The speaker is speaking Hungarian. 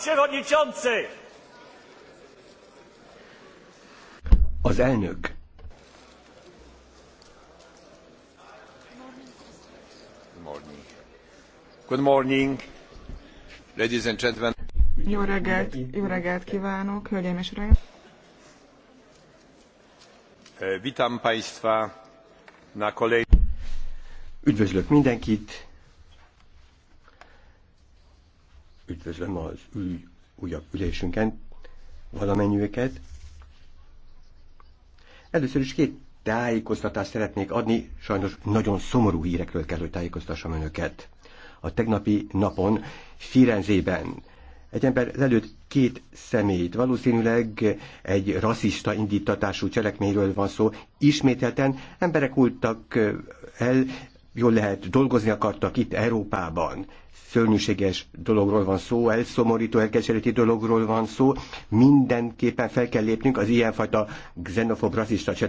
przewodniczący! Az elnök. Good morning. Good morning, ladies and gentlemen. Jó reggelt, jó reggelt kívánok, hölgyeim és uraim. Vitam eh, Państwa na kolei. Üdvözlök mindenkit üdvözlöm az új, újabb ülésünken valamennyiüket. Először is két tájékoztatást szeretnék adni, sajnos nagyon szomorú hírekről kell, hogy tájékoztassam önöket. A tegnapi napon Firenzében egy ember előtt két személyt, valószínűleg egy rasszista indítatású cselekményről van szó, ismételten emberek ultak el jól lehet dolgozni akartak itt Európában. Szörnyűséges dologról van szó, elszomorító, elkeserítő dologról van szó. Mindenképpen fel kell lépnünk az ilyenfajta xenofob rasszista